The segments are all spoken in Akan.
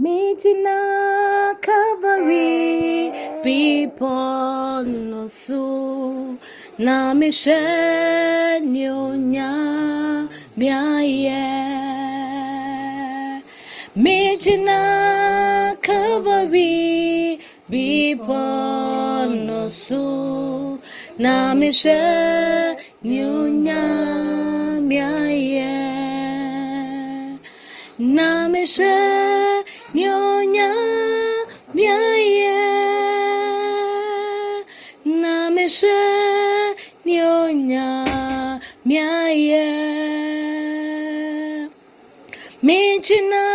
Mijina kavari people no Na mishenyo nya miaye. Mijina Calvary, people no Na mishenyo nya miaye. Na mishenyo nyonya miaye Minchina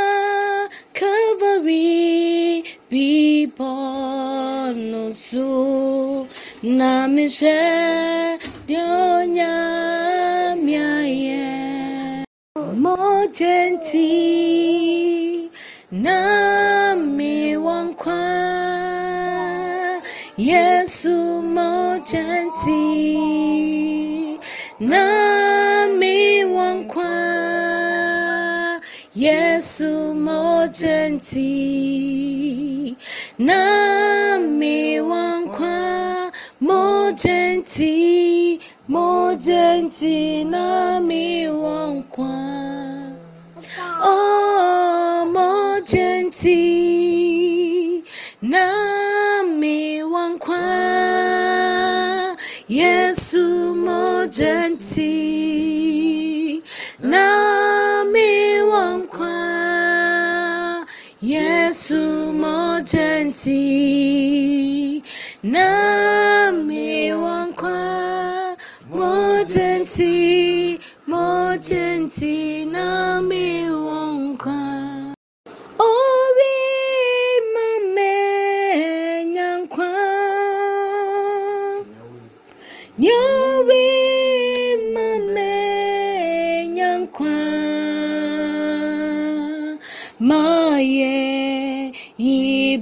Calvary be born so na mishe nyonya miaye Mojenti na me wankwa Yesu mo chanti nami wankwa Yesu mojenti nami wankwa mojenti na nami wankwa oh mojenti gentle. Nami wankwa. Yesu mo gentle. Nami wankwa. Mo gentle. Mo gentle. Nami wankwa. Obi mame nyankwa. you be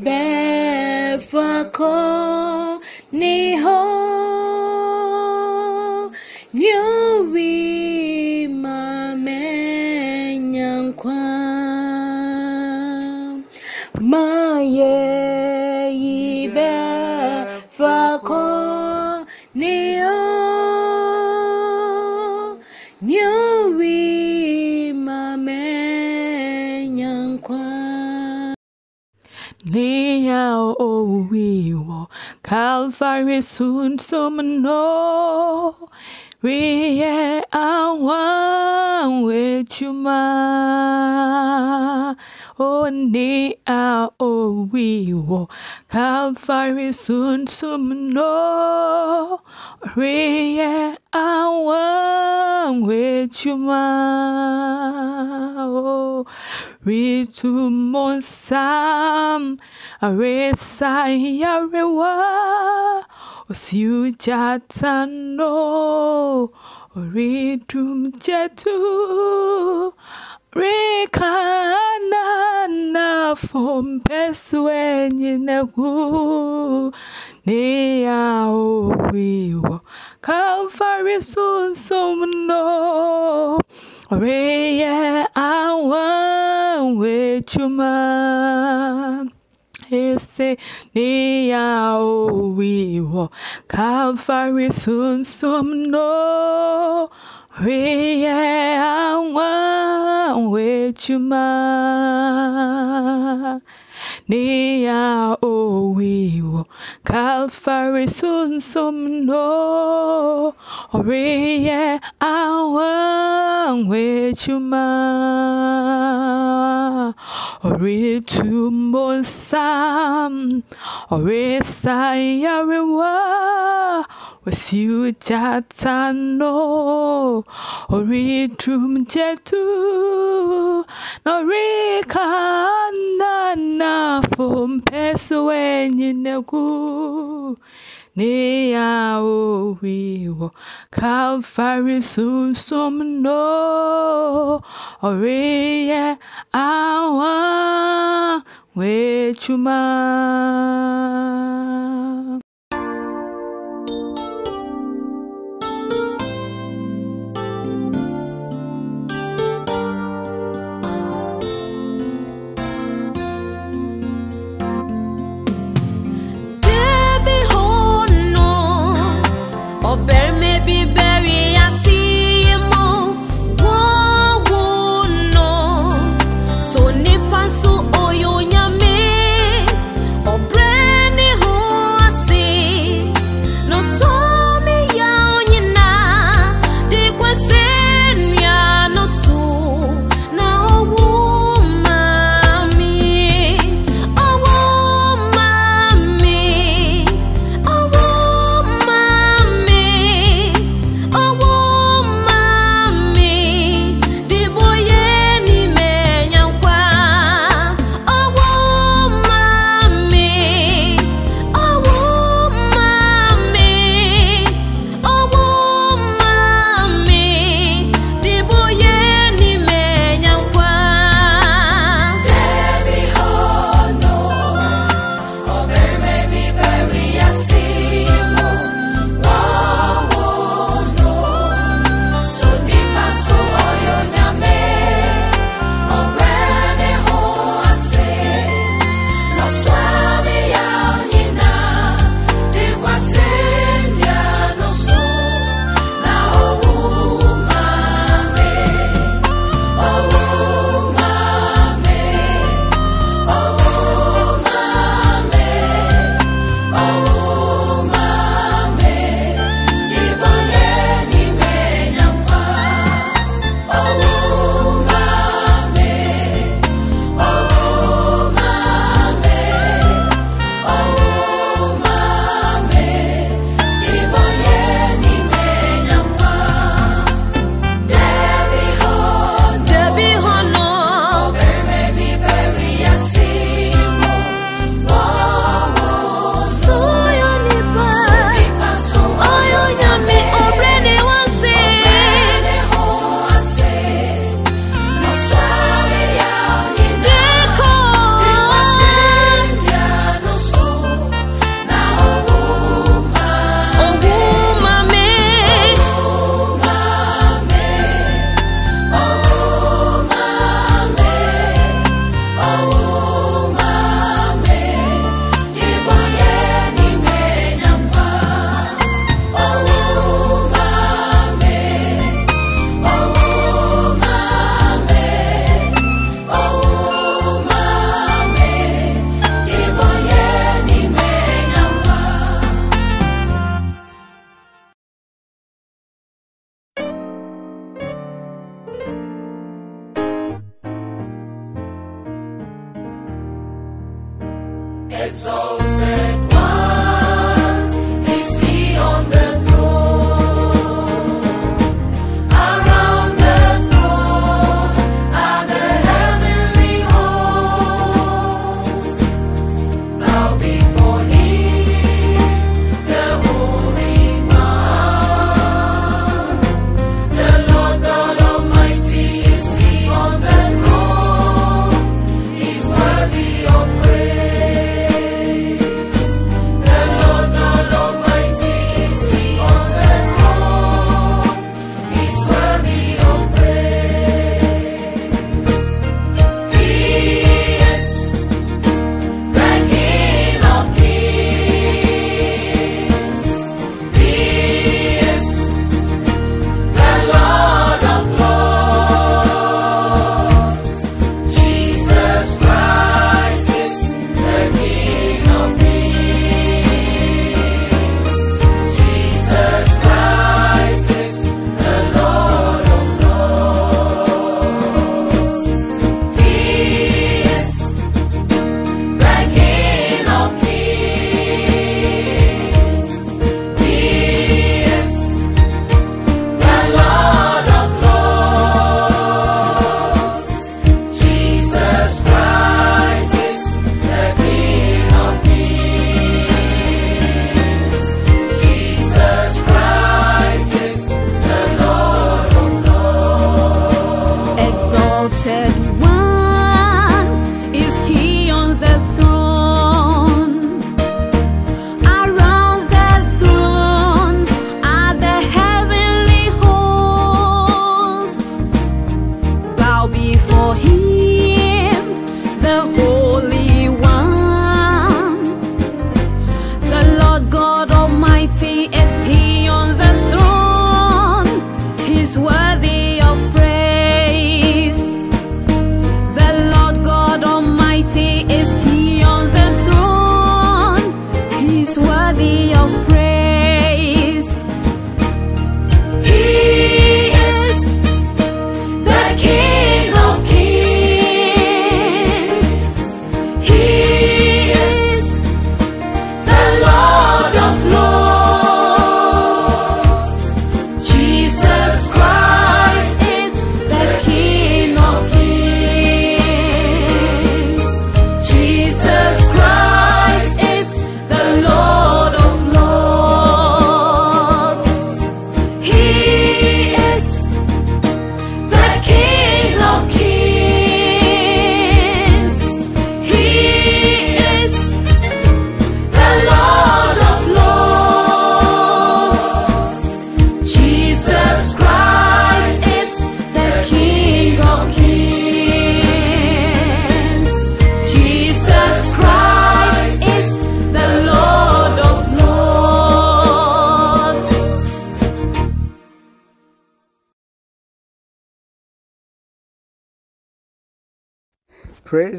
for fakọ́. very soon so know we are one with you ma oh ni a o we wo how very soon tomorrow hour with you ma with you monsam resai arewa osiu jatano oridum jetu rekana na mpeso wenyine gu ne ya owiwo kalvari sunsom no reye awan chuma ese ne ya owiwo kalvari sunsom no we are one with you, ma. wechuma niya owiwo kalfari sunsomno oriye awan wechuma ori tumbonsam ori sayarewa wasiujatano oritrumjetu norikanana fompeso wenyinegu Nea owiwo Calvary sunsum no Oreye awa wechuma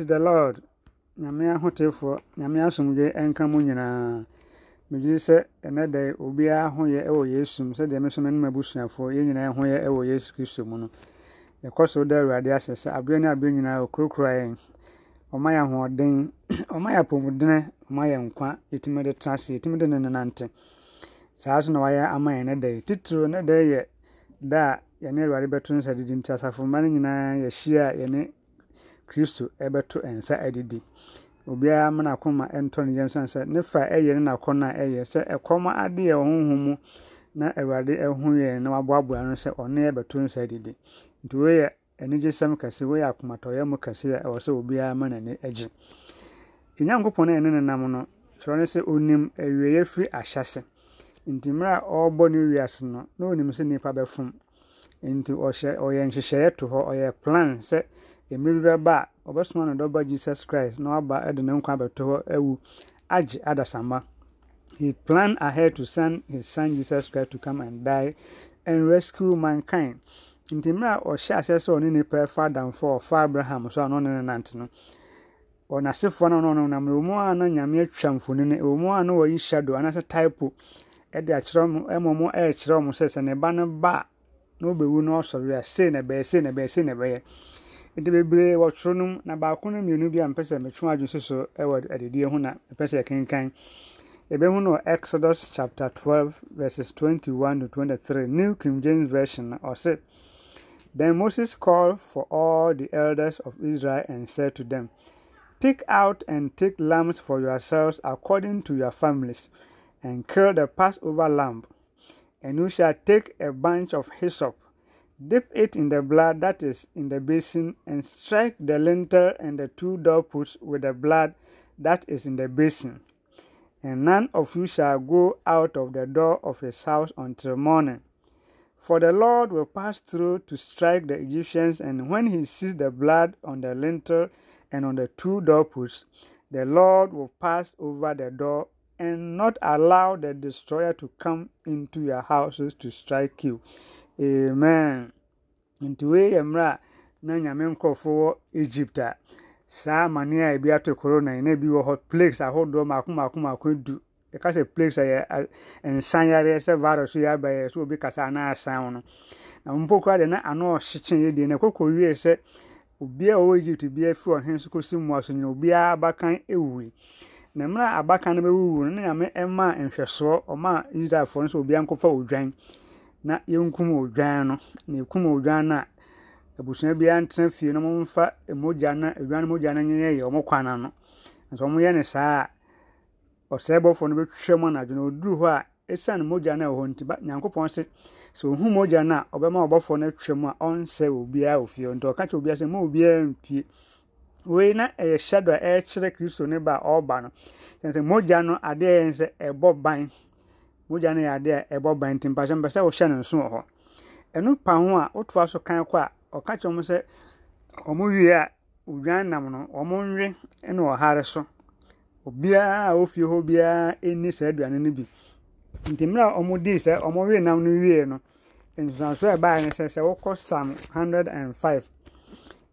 praise the lord nyame ahotefoɔ nyame asomdwe ɛnka mu nyinaa megye sɛ ɛnɛ dɛ obiara ho yɛ ɛwɔ yesu mu sɛdeɛ mesoma no mabusuafoɔ yɛn nyinaa ho yɛ ɛwɔ yesu kristo mu no yɛkɔ so da awurade ahyɛ sɛ aberɛ ne aberɛ nyinaa ɔkurokura yɛn ɔma yɛ ahoɔden ɔma yɛ apɔmudene ɔma yɛ nkwa yɛtumi de tra yɛtumi de ne nenante saa so na wayɛ ama yɛn ne dɛ titiro ne yɛ da a yɛne awurade bɛto no didi nti asafomma no nyinaa yɛhyia yɛne kristo ɛbɛto nsa ɛdidi obiara ma n'akoma ɛntɔ ne yam san sɛ ne fa ɛyɛ ne n'akɔn a ɛyɛ sɛ ɛkɔm ade yɛ ɔhohom mu na awurade ɛho yɛn na waboaboa no sɛ ɔne ɛbɛto nsa ɛdidi nti wɔyɛ anigyesɛm kɛse wɔyɛ akomatɔyɛ mu kɛse a ɛwɔ sɛ obiara ma n'ani agye enyankopɔn a ɛne ne nam no kyerɛ ne sɛ onim awieeɛ firi ahyɛse nti mmerɛ a ɔrebɔ ne wiase no na onim sɛ nnipa bɛfom nti ɔhyɛ ɔyɛ nhyehyɛeɛ to hɔ ɔyɛ plan sɛ mmerɛ bi bɛba a ɔbɛsoma ne dɔba jesus christ na waba de ne nkwa abɛto hɔ awu agye adasamma he planned ahead to send his son jesus christ to come and die and rescue mankind nti mmerɛ a ɔhyɛ ahyɛ sɛ ɔne nipa ɛfa adamfo ɔfa abraham so a ɔno ne nante no ɔnasefoɔ no ɔno nam na mu a na nyame atwa mfoni no ɛwɔ a na wɔyi shadow anaasɛ typo ɛde akyerɛ mu ɛmɔ mu ɛrekyerɛ mu sɛ sɛ ne ba no ba a na ɔbɛwu na ɔsɔre a sei na ɛbɛyɛ sei na ɛbɛyɛ sei na ɛbɛyɛ nti bebree wɔtwerɛ no mu na baako no mmienu bi a mpɛ sɛ metwe adwene soso wɔ adedie ho na mepɛ sɛ yɛkenkan yɛbɛhu no exodus chapter 12 verses 21 to 23 new king james version ɔse then moses called for all the elders of israel and said to them "Take out and take lambs for yourselves according to your families and kill the passover lamb and you shall take a bunch of hyssop Dip it in the blood that is in the basin and strike the lintel and the two doorposts with the blood that is in the basin. And none of you shall go out of the door of his house until morning. For the Lord will pass through to strike the Egyptians, and when he sees the blood on the lintel and on the two doorposts, the Lord will pass over the door and not allow the destroyer to come into your houses to strike you. amen nti wei yɛ mmerɛ a na nyame nkurɔfoɔ wɔ egypt a saa amane a ebi ato corona yi na ebi wɔ hɔ plakes ahodoɔ mako mako mako du yɛka sɛ plakes a yɛ nsan yareɛ sɛ virus yɛ aba yɛ sɛ obi kasa anaa asan no na mpo koraa deɛ na ano ɔhyekye yɛ deɛ na kɔkɔ wie sɛ obi a ɔwɔ egypt biara fi ɔhen so kɔsi mmoa so nyina obiara abakan ewue na mmerɛ a abakan no bɛwuwu no na nyame ɛmaa nhwɛsoɔ ɔmaa israelfoɔ no sɛ obiara nkɔfa odwan na yɛnkum odwan no na yɛkum odwan no a abusua biara ntena fie na momfa mogya no odwan no mogya no nyɛ yɛ ɔmo kwana no nso yɛ ne saa a ɔsɛebɔfoɔ no bɛtwitwa mu anadwo na ɔduru hɔ a ɛsiane mogya no a ɛwɔ hɔ nti ba nyankopɔn se sɛ ohu mogya no a ɔbɛma ɔbɔfoɔ no atwa mu a ɔnsɛ obiara ofie nti ɔka kye obiara sɛ mo obiara mpie wei na ɛyɛ shadow a ɛkyerɛ kristo ne ba a ɔreba no sɛ mogya no adeɛ yɛn sɛ ɛbɔ ban wogya no yɛ adeɛ a ɛbɔ ban nti mpakyɛ mpɛ sɛ wohyɛ no nso wɔ hɔ ɛno pa ho a wotoa so kan kɔ a ɔka kyerɛ mu sɛ ɔmo wie a odwan nam no ɔmo nwe ne ɔhare so obiara a ofie hɔ biara ɛnni saa aduane no bi nti mmerɛ a ɔmo dii sɛ ɔmo we nam no wie no nsusanso a ɛbaeɛ no sɛ sɛ wokɔ psalm 105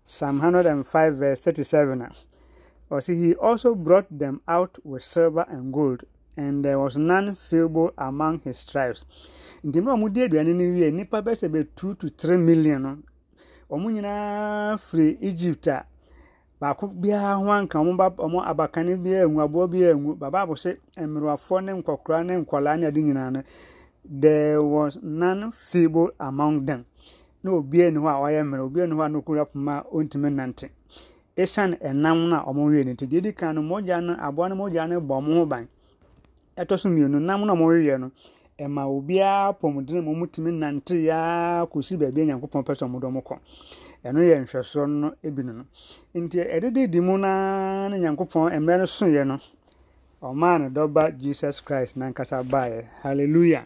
psalm 105 verse 37 a ɔsi he also brought them out with silver and gold and there was none feeble among his tribes nti mmerɛ a wɔde aduane no wie nnipa bɛsɛ bɛ two to three million no wɔn nyinaa firi egypt a baako biara ho anka wɔn ba wɔn abakane biara ngu aboɔ biara ngu babaabo sɛ mmerewafoɔ ne nkɔkora ne nkɔlaa ne ade nyinaa no there was none feeble among them na obiara ni hɔ a ɔyɛ mmerɛ obiara ni hɔ a n'okura poma a ɔntumi nante esan ɛnam no a wɔn wie no nti deɛ di kan no mogya no aboa no mogya no bɔ wɔn ho ban. ɛtɔ so mmienu nam na wɔreyɛ no ɛma obiara pɔmuden mu mutumi nante ya kɔsi baabi nyankopɔn pɛ sɛ ɔmo kɔ ɛno yɛ nhwɛsoɔ no ebi no nti ɛdede di mu naa ne nyankopɔn mmerɛ no so yɛ no ɔmaa ne dɔba jesus christ nankasa hallelujah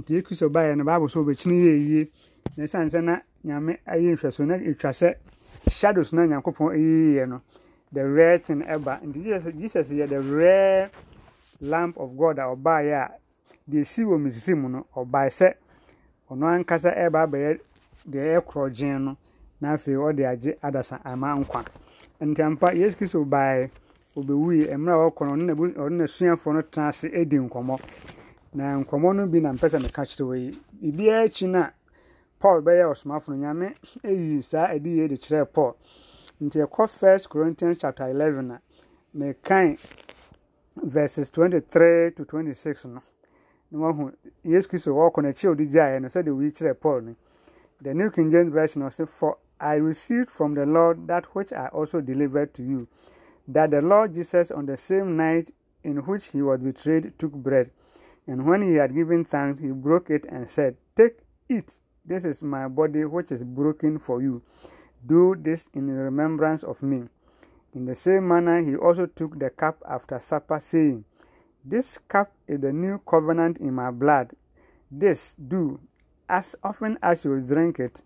nti no baabu yɛ yie na ɛsiane sɛ na nyame ayɛ nhwɛsoɔ na etwa sɛ shadows na nyankopɔn no the rare thing ɛba nti jesus jesus yɛ the lamp of god a ɔbaeɛ a deɛ ɛsi wɔ misisi no ɔbae sɛ ɔno ankasa ɛba abɛyɛ deɛ no na afei ɔde agye adasa ama nkwa yesu kristo baeɛ mmerɛ a wɔkɔ no ɔne n'asuafoɔ no tena ase nkɔmmɔ na nkɔmmɔ no bi na mpɛ meka kyerɛ wɔ yi biribiara akyi no a paul bɛyɛ ɔsomafo no nyame ɛyii saa adiyie de kyerɛɛ paul nti ɛkɔ 1 corinthians chapter 11 a verses 23 to 26 no na wahu yesu kristo walk on a ɔde gyaeɛ no said, wɔyi kyerɛ paul the new king james version ɔsɛ for i received from the lord that which i also delivered to you that the lord jesus on the same night in which he was betrayed took bread and when he had given thanks he broke it and said take it this is my body which is broken for you do this in remembrance of me in the same manner, he also took the cup after supper, saying, This cup is the new covenant in my blood. This do as often as you drink it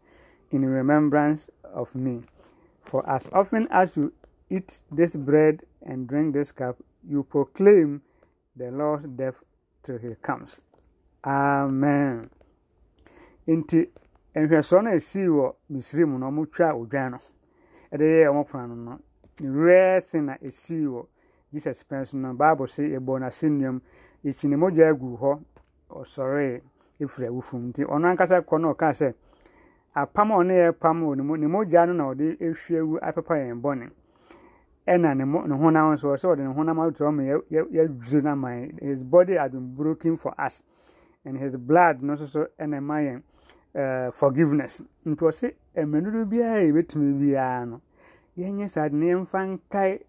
in remembrance of me. For as often as you eat this bread and drink this cup, you proclaim the Lord's death till he comes. Amen. Nti nhwɛsoɔ no a wɔ misiri mu no ɔmotwa odwan no ɛde pono no rare thing a ɛsii wɔ jesus pɛn no bible se ɛbɔ n'asɛnnua mu yɛkyi ne mogya agu hɔ ɔsɔree ɛfiri awufo mu nti ɔno ankasa kɔ no ɔkaa sɛ apam a ɔne yɛ pam wɔ ne mogya no na ɔde ɛhwie awu apepa yɛn bɔne ɛna ne honam nso ɔsɛ ɔde ne honam atoto ɔmo yɛdwiri no aman his body has been broken for us and his blood no nso so ɛna ɛma yɛn eh, forgiveness nti ɔse mmanudo biara yɛbɛtumi biara no yɛnyɛ saa de na yɛmfa nkae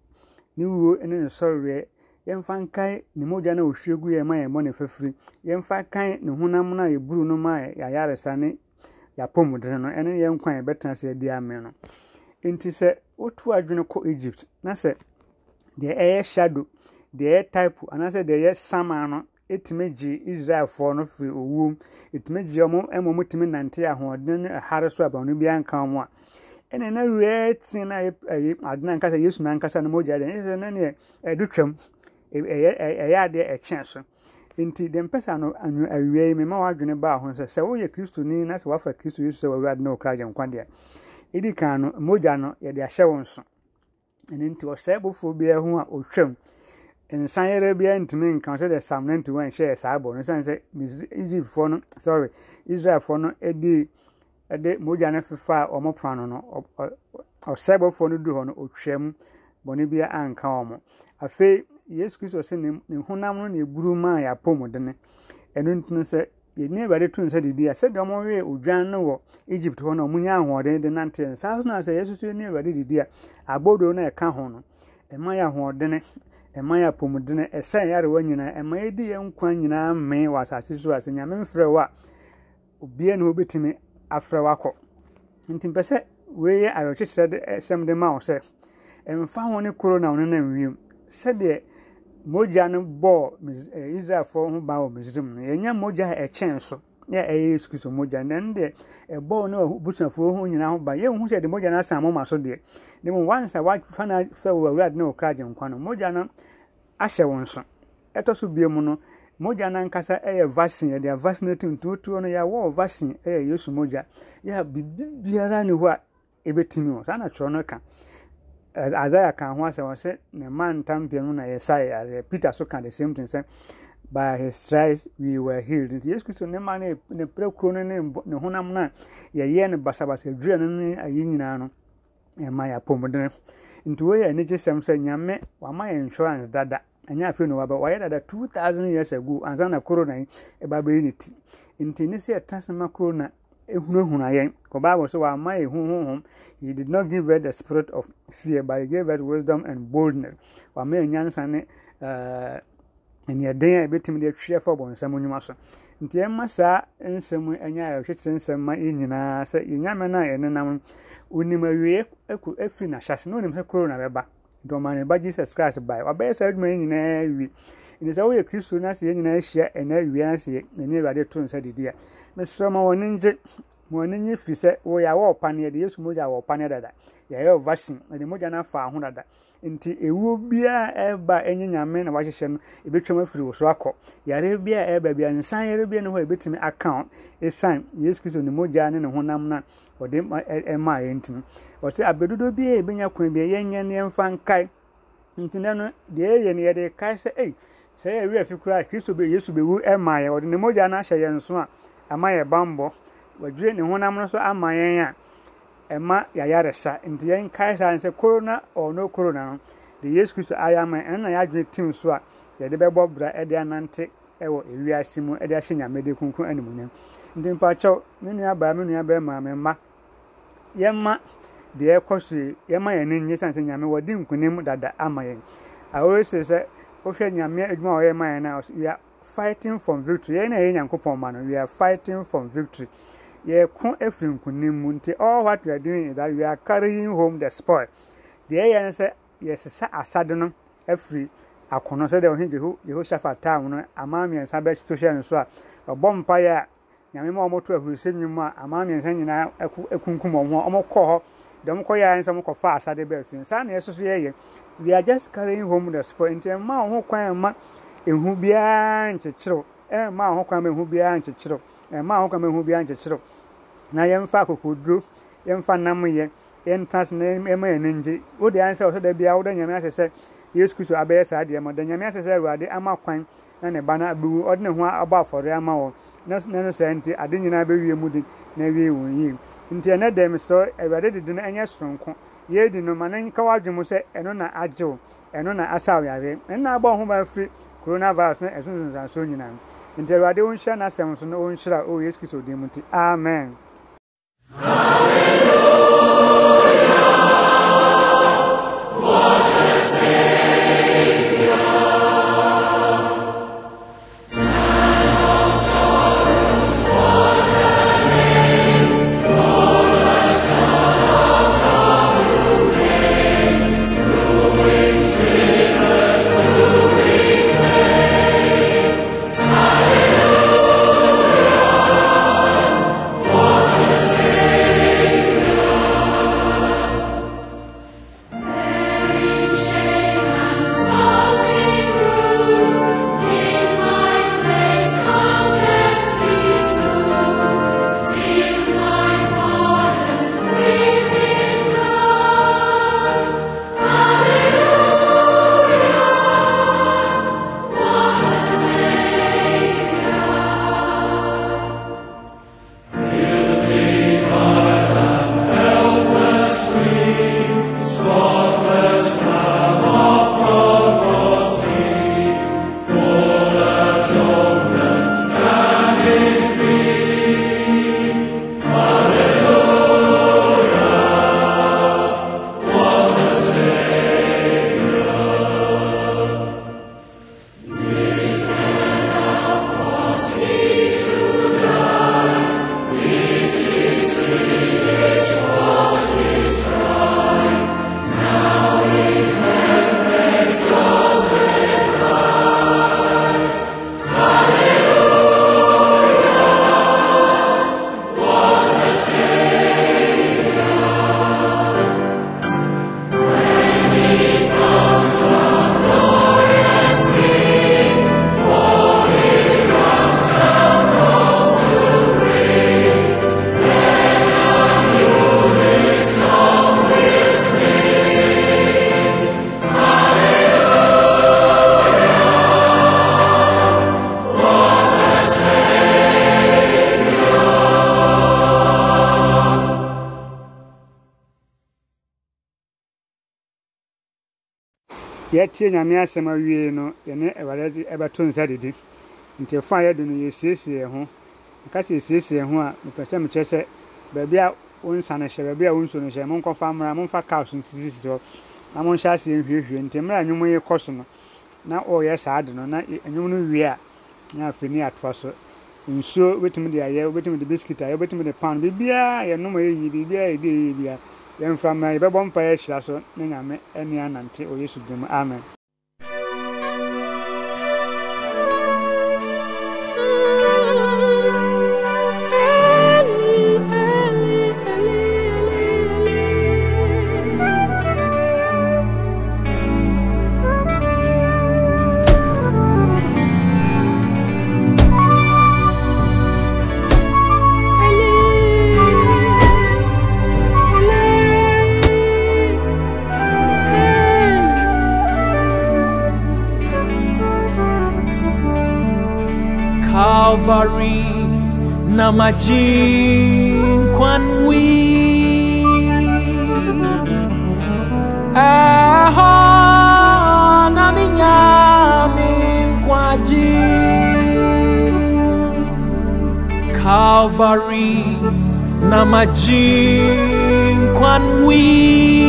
ne wuo ne ne sɔreɛ yɛmfa nkae ne mogya no a gu yɛn ma yɛn bɔ ne fafiri yɛmfa kae ne honam no a yɛburu no ma yɛayaresa ne yɛapɔmuden no ɛne yɛn kwan yɛbɛtena sɛ yɛadi amee no nti sɛ wotu adwene kɔ egypt na sɛ deɛ ɛyɛ shadow deɛ ɛyɛ type anaasɛ deɛ ɛyɛ sama no ɛtumi gye israelfoɔ no firi owuom ɛtumi gye ɔmo ɛma ɔmo tumi nante ahoɔden ne ɛhare so a bɔnne biara a ɛna na rare thing na ɛyɛ ade na nkasa yesu na nkasa na mogya de ɛyɛ sɛ na neɛ ɛdo twam ɛyɛ ɛyɛ adeɛ ɛkyɛn so nti deɛ mpɛ sɛ ano ano awia yi mɛma wadwene baa ho sɛ sɛ woyɛ kristo ni na sɛ wafa kristo yesu sɛ wawura ade na okra agye nkwa deɛ edi kan no mogya no yɛde ahyɛ wɔn so ɛne nti ɔsɛɛ bofoɔ biara ho a otwam nsan yɛrɛ biara ntumi nka sɛ deɛ sam ninety one hyɛ saa bɔ no sɛ sɛ egyptfoɔ no sorry israelfoɔ no de mogya no fefa a wɔn pono no ɔsɛbɔfoɔ no du hɔ no ɔtwa mu bɔne bi anka wɔn afei yesu kristo sɛ ne honam no na eburu maa yɛ apɔmuden ɛno nti no sɛ yɛni awurade to nsa didi a sɛdeɛ wɔwee odwan no wɔ egypt hɔ no ɔmonya ahoɔden de nante saa so na sɛ yɛsu so ni awurade didi a abɔdoro no ɛka ho no ɛma yɛ ahoɔden ɛma yɛ apɔmuden ɛsɛn yɛ arewa nyinaa ɛma yɛdi yɛn nkwa nyinaa mmee wɔ asase so a sɛ nyame mfrɛ wɔ a obiara na obetumi afrɛ wakɔ nti mpɛ sɛ wei yɛ awerɛkyekyerɛ de ɛsɛm eh, de ma wo sɛ ɛmfa ho ne koro na wo nenam wiem sɛdeɛ mogya no bɔɔ eh, israelfoɔ ho ba wɔ misrim no yɛnya mogya a ɛkyɛn so yɛ ɛyɛ yesu kristo mogya nɛn deɛ ɛbɔɔ ne abusuafoɔ ho nyinaa ho ba yɛnhu sɛ de mogya no asan moma so deɛ ne mu wansa wafa no fɛ wɔ awurade ne wɔ kragye nkwa no mogya no ahyɛ wo nso ɛtɔ so bia mu no mogya nankasa yɛ vaccine yɛde vaccinate ntuotuo no yɛawɔ vaccine yɛ yesu mogya yɛ biribiara ne hɔ a ɛbɛtumi wɔ saa na kyerɛ no ka isaiah ka ho asɛm ɔsɛ ne ma ntampia no na yɛsae yareɛ peter so ka the same thing sɛ by his stripes we were healed nti yesu kristo ne ma ne prɛkuro no ne honam no a yɛyɛ ne basabasa dwura no ne ayi nyinaa no ɛma yɛapɔmudene nti woyɛ anigyesɛm sɛ nyame wama yɛ insurance dada ɛnyɛ afei na waba wayɛ dada two thousand years ago ansa na corona yi ɛba bɛyi ne ti nti ne sɛ ɛta sɛma corona ehunahuna yɛn kɔbaabɔ so wama yɛ huhuhum he did not give her the spirit of fear but he gave her wisdom and boldness wama yɛ nyansa ne ɛɛ eh, ɛniɛden a ebetumi de atwi ɛfɔ bɔnsɛm onyuma so nti ɛma saa nsɛm ɛnyɛ ayɛhwetire nsɛm ma yɛ nyinaa sɛ yɛnyame no a yɛnenam no onim awie ɛku efi n'ahyase na onim sɛ corona bɛba nti ɔma ne ba jesus christ bae wabɛyɛ saa adwuma yi nyinaa wie nti sɛ woyɛ kristo no ase yɛ nyinaa ahyia ɛnɛ awie ase yɛ ɛne awurade to nsa didi a mesrɛ ma wɔne ngye wɔn ani nye fi sɛ wɔyɛ a wɔwɔ paneɛ de yesu mogya wɔ paneɛ dada yɛyɛ vaccine ɛde mogya no afa ho dada nti ewuo biara ɛreba ɛnyɛ nyame na wahyehyɛ no ebetwam afiri wɔ so akɔ yare biara ɛreba biara nsan yare biara ne hɔ ebetumi account esan yesu kristo ne mogya ne ne honam na ɔde ɛmaa yɛn ti no ɔsɛ abedodo biara ebenya kwan biara yɛnyɛ ne yɛmfa nkae nti nɛ no deɛ yɛyɛ no yɛde kae sɛ ɛy sɛ yɛ awi afi koraa kristo bɛ yesu bɛwu ɛmaa e yɛ ɔde ne mogya no ahyɛ yɛn so a ama yɛ bambɔ wadwire ne honam no so ama yɛn a ɛma yɛayaresa nti yɛn kae saa sɛ korona ɔno korona no de yesu kristo ayɛ ama ɛno na yɛadwene tim so a yɛde bɛbɔ bra ɛde anante ɛwɔ ewiase mu ɛde ahyɛ nyamede kunkun animuonyam nti mpakyɛw me nua baa me nua bɛrima me mma yɛma deɛ ɛkɔ so yi yɛma yɛn sɛ nyame wɔde nkunim dada ama yɛn awore sɛ sɛ wohwɛ nyame adwuma a ma yɛn na we fighting from victory yɛn na yɛ nyankopɔn ma no we are fighting from victory yɛko afiri nkonim mu nti all what we are doing is that we are carrying home the spoil deɛ ɛyɛ no sɛ yɛsesa asade no afiri akono sɛdeɛ ɔhe yehoshaphat tam no aman mmiɛnsa bɛto hyɛ no so a ɔbɔ mpaeɛ a nyame ma ɔmɔto ahurusɛ nnwom a aman mmiɛnsa nyinaa akunkum ɔmo a ɔmɔkɔɔ hɔ deɛ ɔmokɔ yɛ ayɛ sɛ ɔmokɔfa asade bɛɛ fie saa na yɛso so yɛyɛ we are just carrying home the spoil nti ɛmma wo ho kwan ɛma ɛhu biara nkyekyerew ɛmma wo ho kwan ma ɛhu biara nkyekyerew Eh, ma ahokam ehu bia ankyekyere na yɛmfa akokoduro nam yɛ yɛnta se na ɛma yɛn ani de wode ansɛ ɔsɛ da biara wode nyame ahyɛ sɛ yesu kristo abɛyɛ saa deɛ ma da nyame ahyɛ sɛ awurade ama kwan na ne ba no abɛwu ɔde ne ho abɔ afɔre ama wɔ na no saa nti ade nyinaa bɛwie mu de na awie wɔn yie nti ɛnɛ dɛm sɛ awurade didi no ɛnyɛ soronko yɛdi no ma nka wadwe mu na agye ɛno na asaw yareɛ ɛno na abɔ ho nti awurade wonhyɛ n'asɛm so na ɔnhyira ɔwɔ oh, yesu kristo din mu nti amen yɛtie nyame asɛm awie no yɛne awurade ɛbɛto nsa didi nti ɛfa a yɛdo no yɛsiesie yɛn ho nka sɛ yɛsiesie yɛn ho a mepɛ sɛ mekyerɛ sɛ baabi a wo nsa no hyɛ baabi a wo nsuo no hyɛ monkɔfa mmara momfa cows no sisisi hɔ na monhyɛ aseɛ nhwiehwie nti mmerɛ a nnwom yi kɔ so no na ɔreyɛ saa ade no na nnwom no wie a na afei ne atoa so nsuo wobɛtumi de ayɛ wobɛtumi de biscuit ayɛ wobɛtumi de pan biribiaa yɛnom a yɛyi biribiaa yɛde yɛyɛ biara yɛmframa yɛbɛbɔ mpaeɛ ahyira so ne nyame ani anante wɔ yesu dim amen mà chỉ quan quy à ho na mi nhà mi qua chi Calvary na mà chỉ quan quy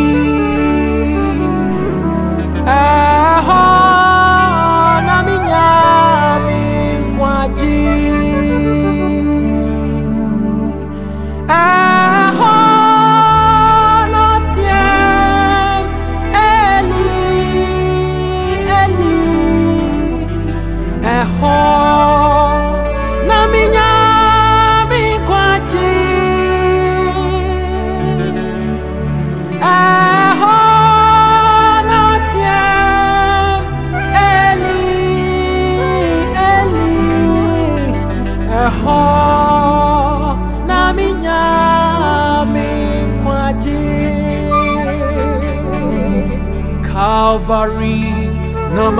na mi mi qua chi ah.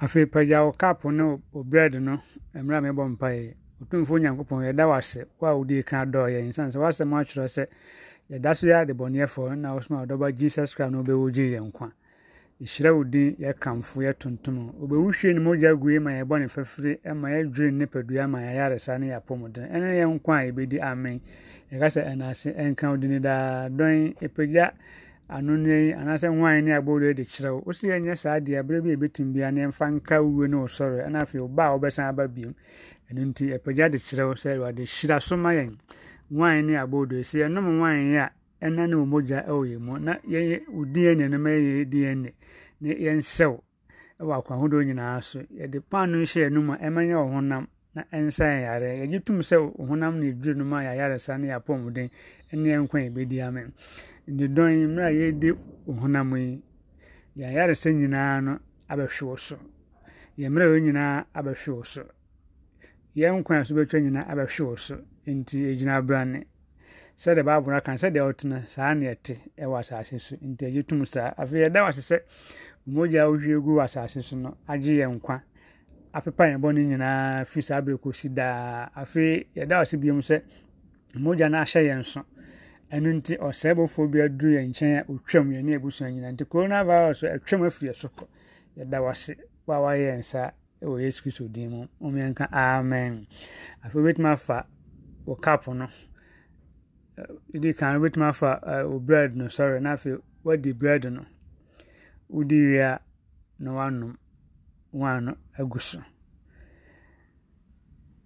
afei pagya wo kap ne wo bread no mmerɛ a mebɔ mpaeɛ ɔtumfoɔ onyankopɔn yɛda wo ase wo a wodii ka dɔɔ yɛ nsiane sɛ woasɛm akyerɛ sɛ yɛda so yɛ adebɔneɛfoɔ na wosoma wɔdɔba jesus kra na wobɛwɔ gye yɛn nkwa yɛhyira wo din yɛkamfo yɛtontom wobɛwu hwie ne mogya gue ma yɛbɔ ne fafiri ma yɛdwere nnipadua ma yɛayaresa ne yɛapɔmuden ɛne yɛ nkwa a yɛbɛdi amen yɛka sɛ ɛnaase ɛnka wo dini daa dɔn ɛpagya anonya yi anaasɛ hwan ne abɔwura yi de kyerɛw wo wosi saa deɛ abere bi a ebetumi bia ne mfa nka wuo ne osɔre ɛna afei ɔba a ɔbɛsan aba biom ɛno nti apagya de kyerɛw sɛ wade hyira so ma yɛn hwan ne abɔwura yi sɛ yɛnom hwan yi a ɛna ne ɔmogya ɛwɔ yɛn mu na yɛ odi yɛn nneɛma yɛ di yɛn nne ne yɛnsɛw ɛwɔ akwa ahodoɔ nyinaa so yɛde paano hyɛ yɛn mu a ɛma yɛ ɔhonam na ɛnsa yɛn yare yɛgye tum sɛ ɔhonam ne edwiri no ma yɛayaresa ne yɛapɔmuden ne yɛn nkwa yɛbɛdi amen Didɔn yi, mmrɛ a yɛredi honam yi, yɛn sɛ nyinaa no abɛhwe wo so. Yɛn mmerɛwyɛ nyinaa abɛhwe wo so. Yɛn nkwa so bɛtwa nyinaa abɛhwe wo so. Enti egyina abrane. Sɛdeɛ Bible no aka sɛdeɛ wote saa na ɛte ɛwɔ asase so. Enti ɛgye to saa. Afei yɛda wo ase sɛ wo mogya a wohwie guu asase so no agye yɛn nkwa, apepa yɛn bɔne nyinaa fi saa berɛ yi daa. Afei yɛda wo ase bio sɛ mogya no ahyɛ yɛn so. ɛno nti ɔsɛebofoɔ bi aduru yɛn nkyɛn a ɔtwam yɛn ne abusua nyinaa nti corona virus ɛtwam afiri ɛso kɔ yɛda wase wa wayɛ nsa ɛwɔ yesu kristo din mu ɔmɛnka amen afei wobɛtumi afa wo cap no di kan wobɛtumi afa wo bread no sɔre na afei wadi bread no wodi wie a na woanom wan no agu so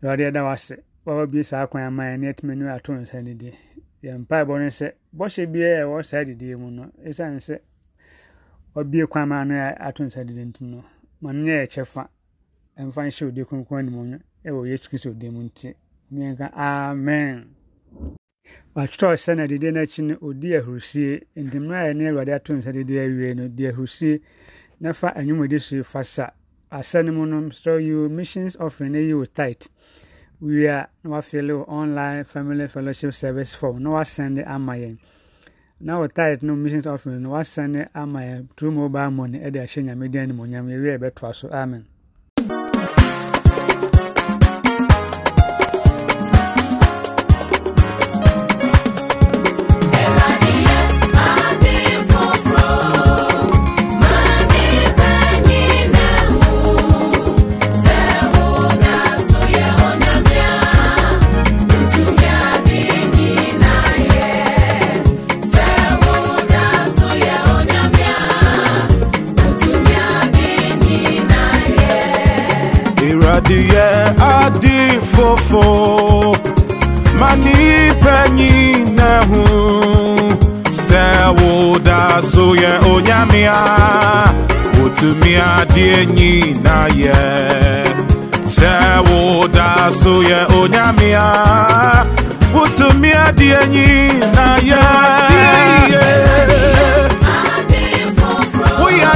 awurade ɛda wase wawa bie saa kwan ama yɛ ne yɛtumi ne ato nsa no die yɛn mpaebɔ ne sɛ bɔhyɛ biara ɛwɔ saa didie mu no ɛsiane sɛ ɔbie kwan maa no ato nsa didi nti no ma no yɛ ɛkyɛ fa ɛmfa nhyɛ odi kronkron animuonyam ɛwɔ yesu kristo din mu nti mmiɛnka amen wɔatwerɛ sɛ na didie no akyi no ɔdi ahurisie nti mmerɛ a ɛne awurade ato nsa didi awie no di ahurisie na fa anwumadi so fa sa asɛ no mu no nsorɔ yi o missions offering na yi o tight wie a na wafili wo online family fellowship service form na wasɛnde ama yɛn na wo tithe no missions offering no wasɛnde ama yɛn through mobile money ɛde ahyɛ nyame din animuonyam yɛwie a ɛbɛtoa so amen tumi adeɛ nyina yɛ sɛ woda so yɛ onyamea wotumi adeɛ nyina yɛ woyɛ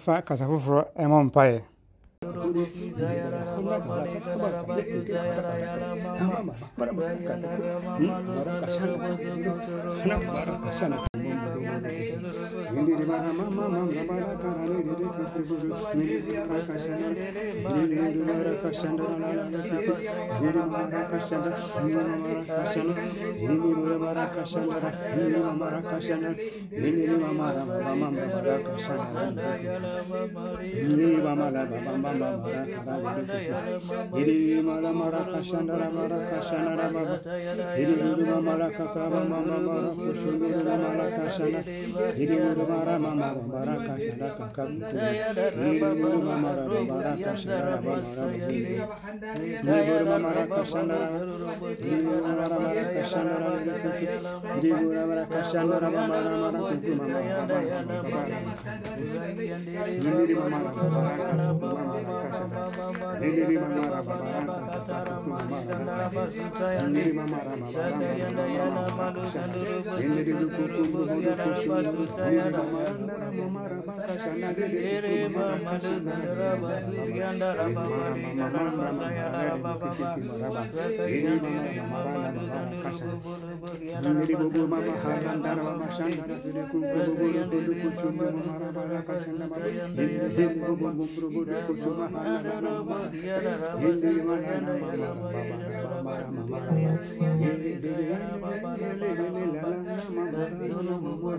nfa kasa foforɔ ɛmɔ mpaeɛ Nini ribara mama mama ribara karare rire kikuru nini kakashanda nini ribara kashanda nini ribara kashanda nini ribara kashanda nini ribara kashanda nini ribara kashanda nini ribara mama mama ribara kashanda nini ribara mama mama ribara nini ribara mara kashanda ribara kashanda ribara nini ribara mara kakaba mama mara kushunda ribara kashanda Hidimuru mara mama mama mama mama mama mama mama mama mama mama mama basutaya dama basaya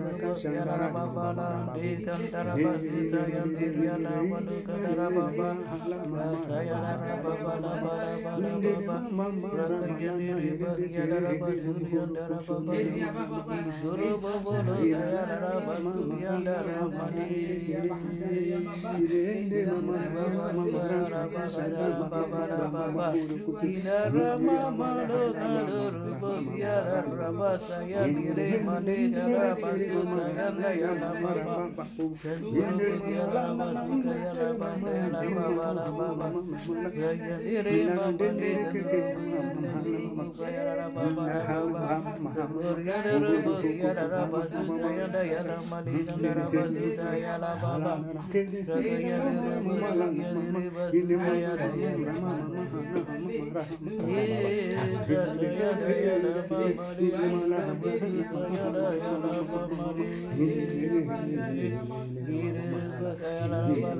Shandara Babala, Deekam Baba, Baba, Baba, you. Mama, Terima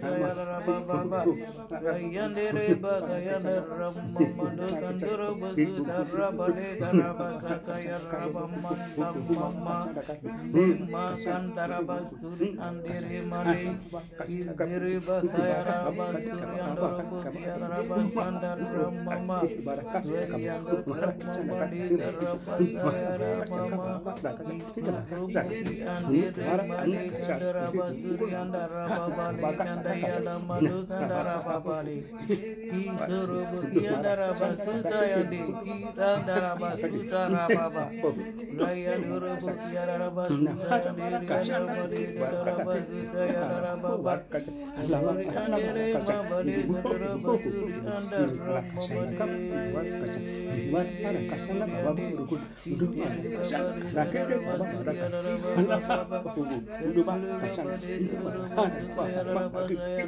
kasih rabababa yandere baga kaya rabamanda mama lima lu kan darah papadi Suru kutia daraba suta yang di kita daraba suta rababa. Gaya duru kutia daraba suta yang di kita daraba di daraba suta yang daraba bat. Suri andere mama di daraba suri anda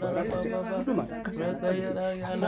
rama Rakaya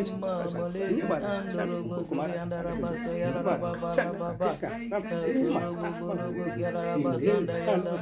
yajma malikan darabu surian daraba soya daraba baba baba kasurubu burubu kiaraba sandaya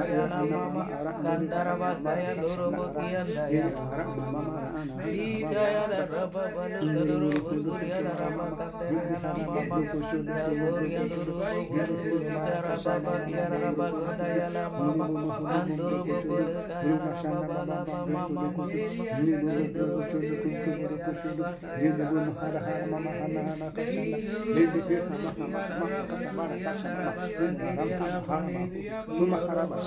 dayana mama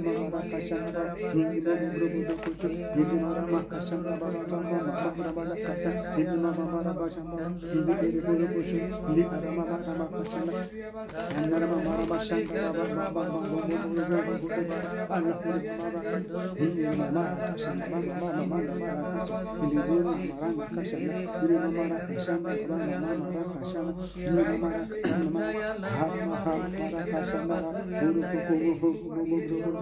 mama baka sangaba ningibo burubudu kutu nindu mara maka sangaba tamba maka barabala kasa nindu mama mara baka mama nindu bere buru kutu nindu mara mama maka maka sangaba nandara mama mara baka sangaba mama mama mama mama mama kutu Allah mara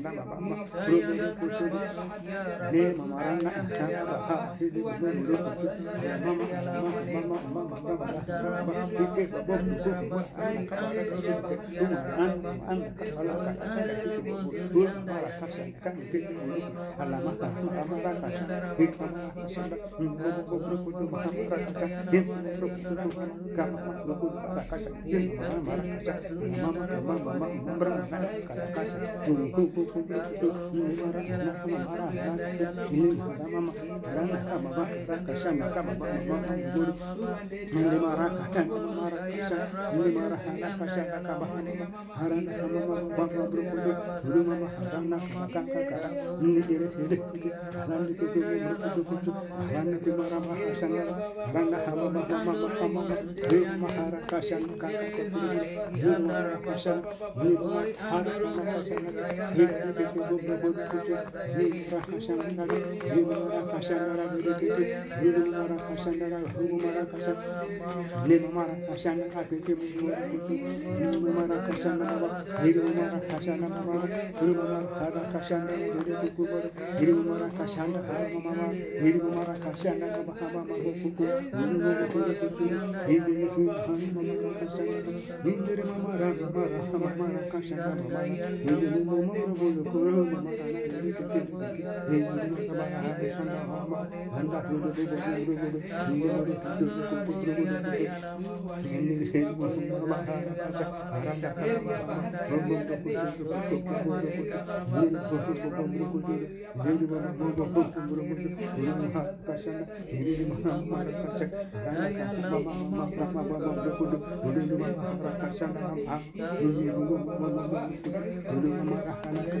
nama bama Maharakasan, Maharakasan, Hidup Guru Mahatana Dewi Kecil Hindu Mahkamah Desa Nama Hendak Guru Guru Guru Guru Hindu Guru Guru Guru Guru Guru Hindu Hindu Mahkamah Desa Haram Dakar Rumbu Tuku Tuku Tuku Tuku Tuku Guru Guru Guru Guru Hindu Mahkamah Guru Guru Guru Hindu Mahakasana Hindu Mahkamah Desa Haram Dakar Mama Mama Mama Guru Guru Guru Hindu Mahakasana Mama Hindu Mahkamah Guru Guru Guru Hindu Mahakasana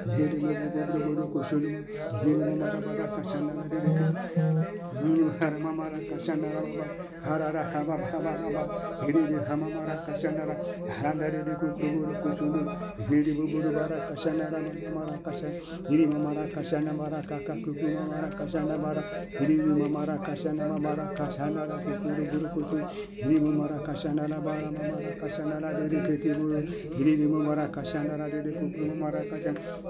Hiri Madhava Hiri Kusuri Hiri Madhava Kashana Hiri Harma Mara Kashana Harara Hava Hava Hava Hiri Hama Mara Kashana Harandari Kukuru Kusuru Hiri Buburu Mara Kashana Mara Kashana Hiri Mara Kashana Mara Kaka Kuku Mara Kashana Mara Hiri Mara Kashana Mara Kashana Kukuru Guru Kusuru Hiri Mara Kashana Mara Mara Kashana Hiri Kukuru Hiri Mara Kashana Hiri Kukuru Mara Kashana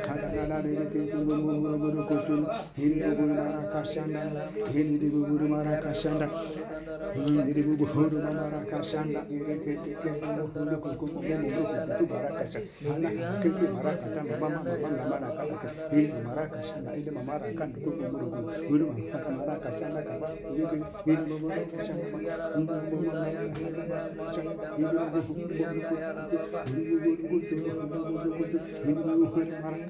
kadana de te te guru guru guru kusun hindi guru mara kasanda hindi guru mara kasanda hindi guru mara kasanda dire ke te ke guru guru kusun guru guru tu mara kasanda ana ke ke mara kasanda mama mama mara kasanda hindi mara kasanda hindi mama mara kan guru guru guru mara kasanda kaba hindi hindi mara kasanda mama mama mara kasanda hindi guru guru guru guru guru guru guru guru guru guru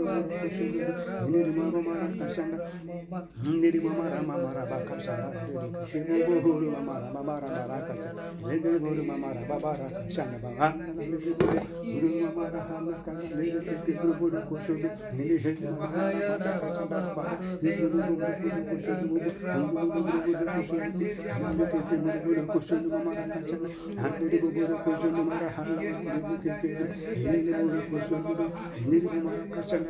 Niri mama mara kasanda. Niri mama rama mara baka sanda. Niri buru mama rama mara baka sanda. Niri buru mama rama bara sanda banga. Niri mama rama kasanda. Niri buru kusudu. Niri senda bahaya rama baka. Niri buru kusudu. Niri buru kusudu mama rama kasanda. Niri buru kusudu mara hara. Niri buru kusudu. Niri buru kasanda.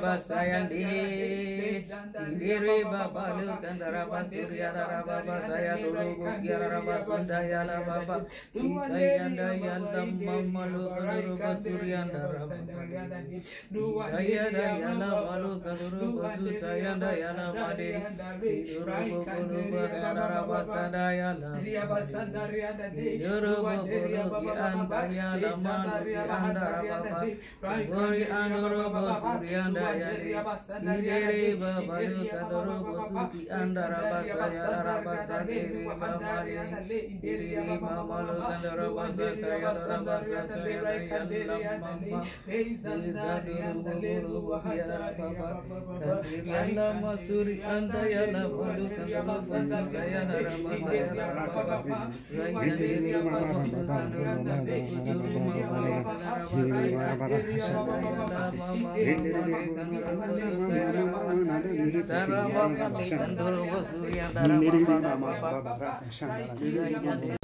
basayan diri diri bapa lu kandara surya daraba raba basaya dulu bukia daraba sunda ya la baba lu kanduru basuri anda raba ikaya da la malu kanduru basu caya da ya la made duru buku lu buki ara raba ya la duru buku lu buki anda ya la malu daraba rianda yari idere babadu kadoru kandara basa kayadara basa choyara yandam mamma izaduru buguru buhiyara baba basa kayadara basa yara baba rangyanere basa kandara basa kuchuru mamare kandara सर्वं दुर्वसूर्यधर्मं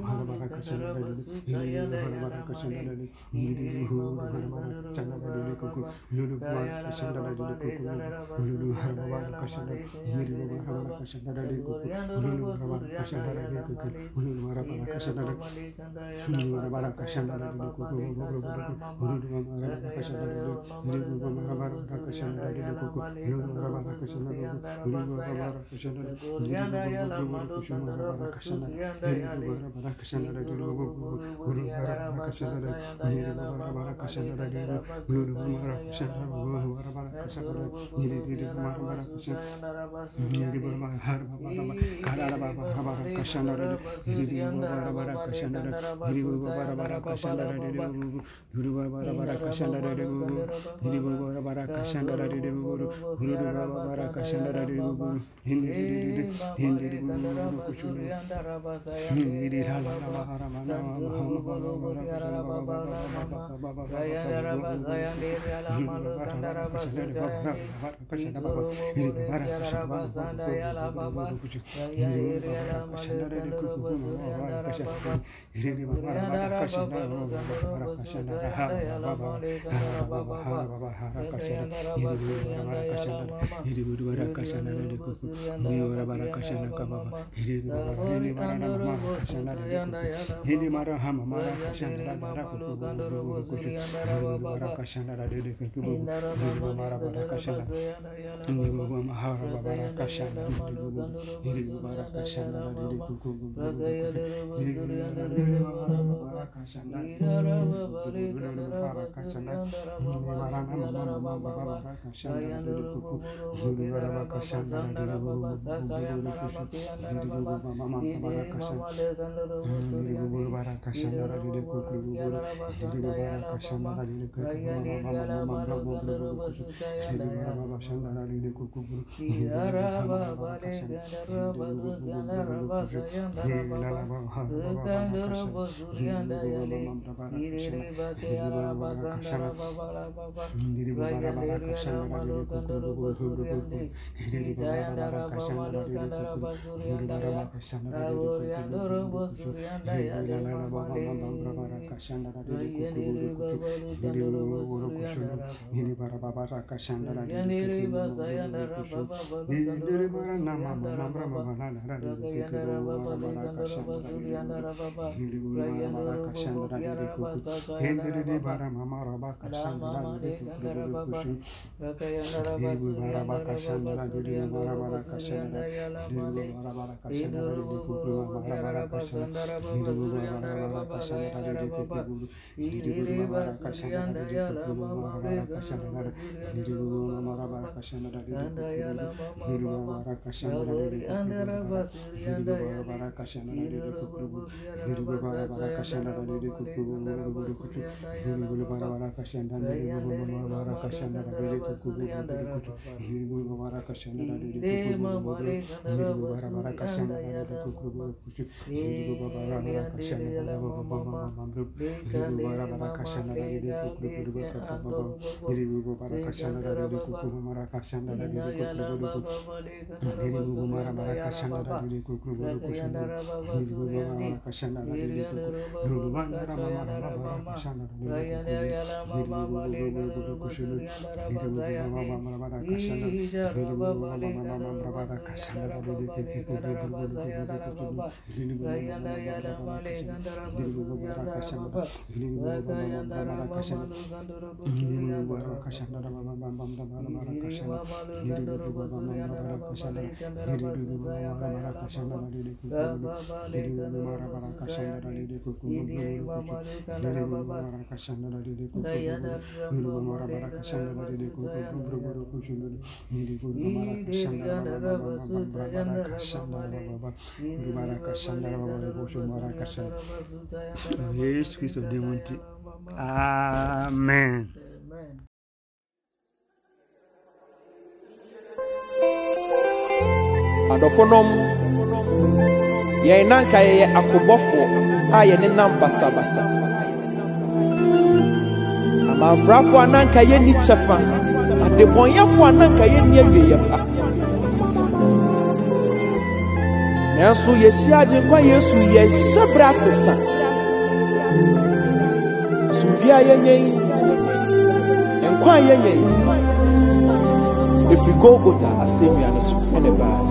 हर बारा कृष्ण लड़ी हर बारा कृष्ण लड़ी गिरी हो हर बारा कृष्ण लड़ी कुकु लुलु बारा कृष्ण लड़ी कुकु लुलु हर बारा कृष्ण गिरी हो हर बारा कृष्ण लड़ी कुकु लुलु हर बारा कृष्ण लड़ी कुकु लुलु हर बारा कृष्ण लड़ी लुलु हर बारा कृष्ण लड़ी कुकु लुलु हर बारा कृष्ण लड़ी गिरी हो हर बारा कृष्ण लड़ी कुकु लुलु हर बारा कृष्ण लड़ी लुलु हर बारा कृष्ण लड़ी गिरी हो हर बारा कृष्ण लड़ी गिरी हो हर बारा कृष्ण लड़ी Rakshana Raguru Guru Rakshana Raguru Rakshana Raguru Guru Rakshana Raguru Rakshana Raguru Niri Rama Rakshana Niri Rama Har Baba Kara Baba Rakshana Raguru Niri Rama Rakshana Raguru Niri Rama Rakshana Raguru Guru Rama Rakshana Raguru Niri Rama Rakshana Raguru Guru Rama Rakshana Raguru Hindi Hindi Hindi Hindi Hindi Hindi Hindi Hindi Kasana, Hindi mara hama mara kashandara dara kuku kuku kuku mara kashandara iya, dede kuku iya, kuku kuku mara bara kashandara hindi kuku mahara bara kashandara hindi kuku hindi mara kashandara dede kuku kuku hindi kuku mara kashandara hindi kuku mara kashandara hindi mara nama mama mama bara kashandara dede kuku hindi mara kashandara dede kuku kuku kuku kuku mama mama bara kashandara Diligur baraka sandara diligur diligur diligur baraka sandara diligur mama mama bravo bravo diligur baraka sandara diligur diligur kiara baba le gandara bagu gandara basa yandara baba gandara bozurianda yale irere bake ara basa ndara baba la baba raya dere ara malu gandara bozurianda jaya ndara baba रे Niribara Baba Raka Shandara Niribara Nama Baba Brahma Banana Raka Niribara Baba Raka Shandara Niribara Mama Raba Kashandara Niribara Baba Kashandara Niribara Baba Kashandara Niribara Baba Kashandara Niribara Baba Kashandara Niribara Baba Kashandara Niribara Baba Kashandara Niribara Baba Kashandara Rakashandra, Hiru Maraba Kashandra, Hiru Diribu para kasanda dari duku kuma mara kasanda dari duku kuma duku. Diribu kuma mara kasanda dari duku kuma duku sunda. Diribu kuma mara kasanda dari duku. Diribu bandara mama mama kasanda dari duku. Diribu kuma duku duku sunda. Diribu kuma mama mara kasanda. Diribu kuma mama mama mara kasanda dari duku. Diribu kuma duku duku sunda. Diribu kuma mara kasanda dari duku. Diribu kuma mara kasanda dari duku. Diribu kuma mara kasanda dari duku. Yesus Kristus Amen. adɔfonom yɛn nanka yɛyɛ akobɔfoɔ a yɛne nam basabasa amanfrafoɔ a nanka yɛnni kyɛfa adebɔnyɛfoɔ a nanka yɛnni awieyɛ pa nanso yɛhyia agyenkwa yesu yɛhyɛ berɛ asesa asomdua a yɛnyɛ yi nkwa a yɛnyɛ yi ɛfiri golgota asɛnnua no so ɛne baa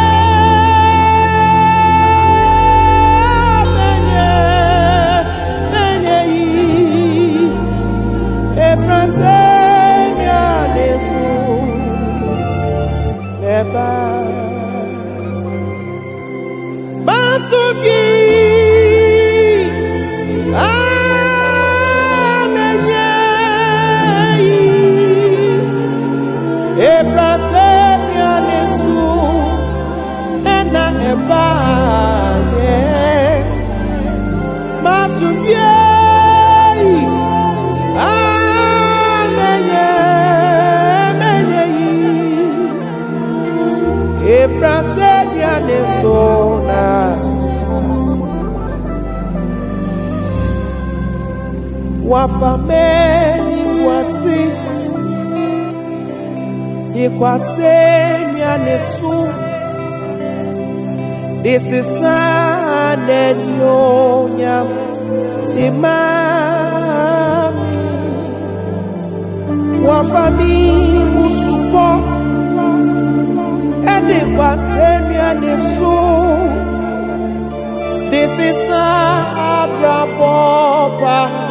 fameni kwasi dikwasemia nesu disisanenionya dimami wafami musupo edikwasemia nesu disisa abrabopa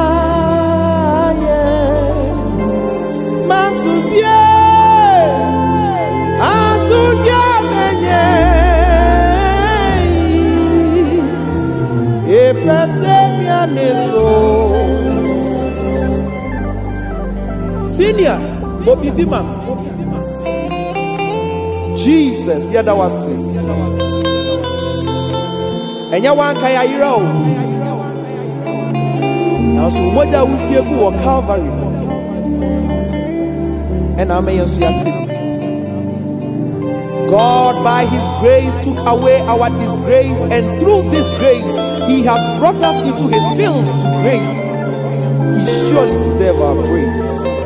Minia, Mobibima. Jesus, Yadawasi. and wá ń ka ya yírá o. Nanso mogya a wofi egu wɔ Calvary mu. Ɛna ama yɛn nso God, by His grace, took away our disgrace, and through this grace, He has brought us into His fields to grace. He surely deserves our praise.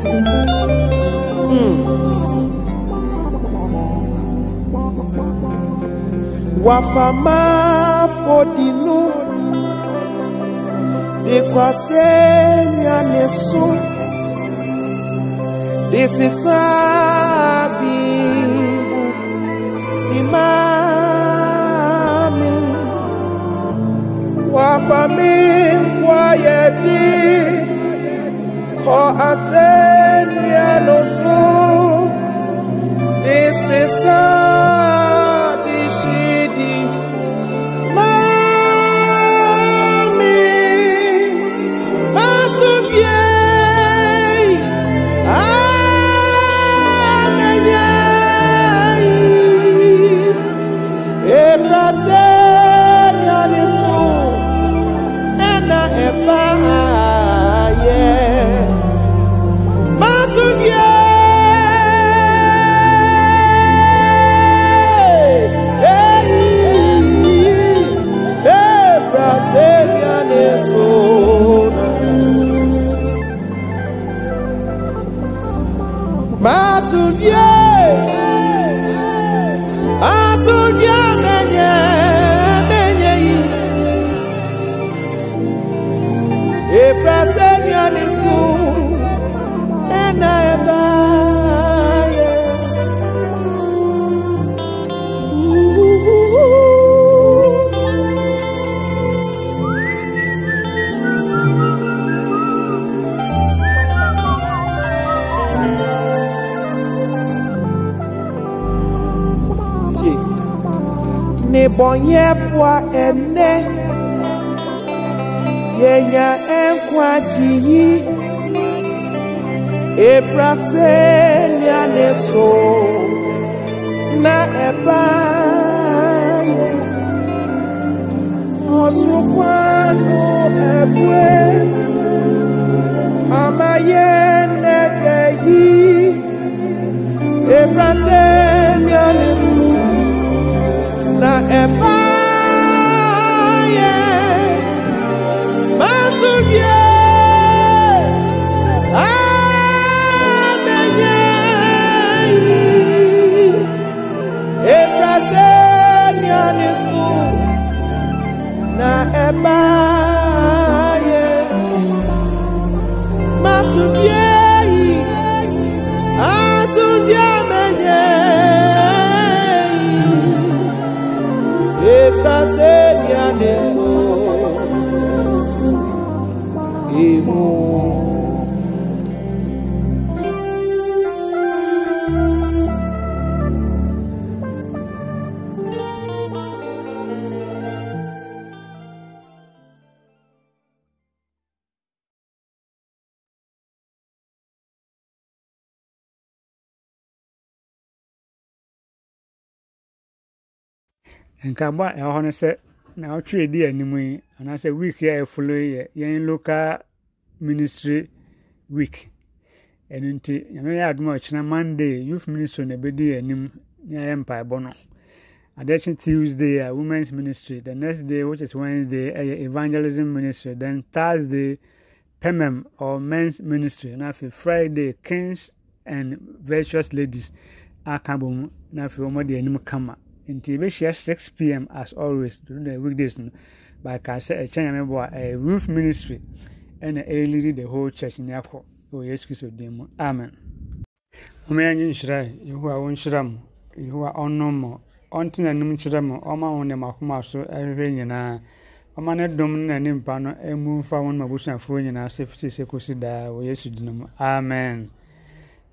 wafama fodinu dekwase nyane so desisabibu imami wafami wayedi kɔ ase nyane so desisabibu nka mba ɛwɔ hɔ no sɛ n'awɔtwe edi anim yi anaasɛ week a ɛfolo yi yɛ yɛn local ministry week ɛno nti nyame yɛ adom a ɔkyena monday youth ministry na ɛbɛdi anim ne ayɛ mpaebɔ no adekye tuesday a women's ministry the next day which is wednesday ɛyɛ evangelism ministry then thursday pemem or men's ministry na afei friday kings and virtuous ladies aka bɔ mu na afei wɔn de anim kama nti yɛbɛhyia 6pm as always during the weekdays no baakaa sɛ ɛkyɛn a ɛyɛ roof ministry ɛna the whole church ni akɔ ɛwɔ oh, yesu kristo oh, din mu amen ɔmo yɛn nye nhyira yi yehowa ɔnhyira mu yehowa ɔnnom mu ɔnte n'anim nhyira mu ɔma wɔn nneɛma akoma so ɛhwehwɛ nyinaa ɔma ne dom ne n'anim no ɛmu nfa wɔn mu abusuafoɔ nyinaa daa yesu mu amen.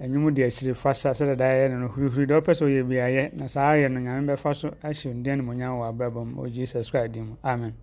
ɛnwom de akyiri fa sa sɛ dada yɛ no no hurihuri dɛ wopɛ sɛ woyɛ biayɛ na saa yɛ no nyame bɛfa so ahyɛ ndeɛ nomonyam wɔ abrabɔ mu wɔ jesus christ di mu amen